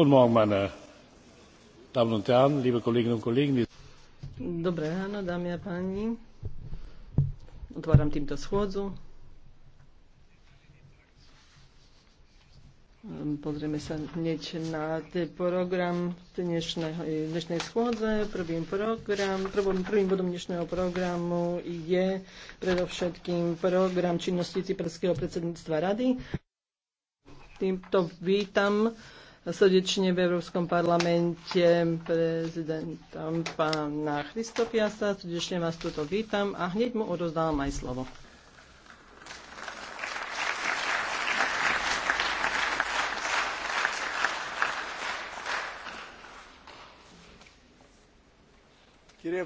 Dobré ráno, dámy a páni. Otváram týmto schôdzu. Ehm, pozrieme sa hneď na ten program dnešného, eh, dnešnej schôdze. Prvým, program, prvým, prvým bodom dnešného programu je predovšetkým program činnosti Cyperského predsedníctva rady. Týmto vítam srdečne v Európskom parlamente prezidentom pána Christofiasa. Srdečne vás tuto vítam a hneď mu odozdávam aj slovo. Κύριε